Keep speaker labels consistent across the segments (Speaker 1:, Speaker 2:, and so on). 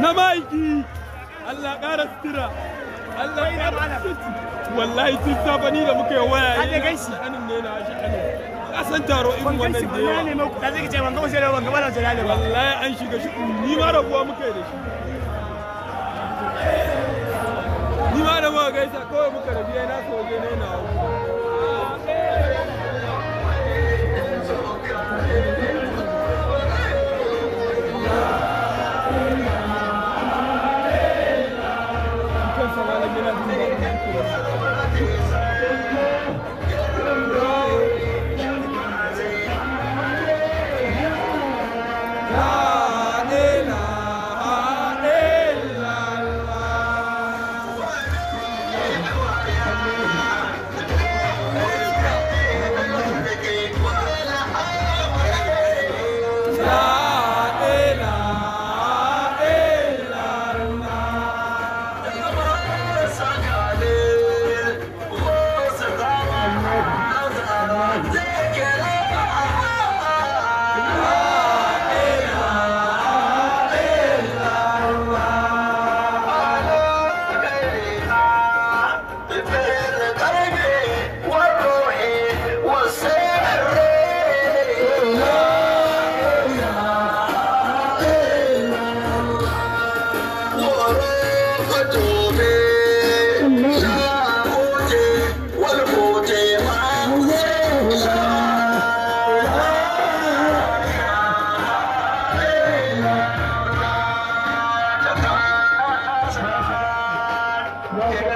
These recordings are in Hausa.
Speaker 1: na maiki Allah kara sutura Allah ƙara sutura wallahi tun safa ni da muka yi waya yi eh, anin ne na shi anin kasan taro in wannan da yawa da zai ce wanga gaba sai da gaba da jira ne wallahi an shiga shi ni ma rabuwa muke da shi ni ma da muka gaisa kawai muka rabiya na soje ne na o k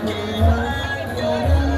Speaker 1: I'm gonna Hallelujah.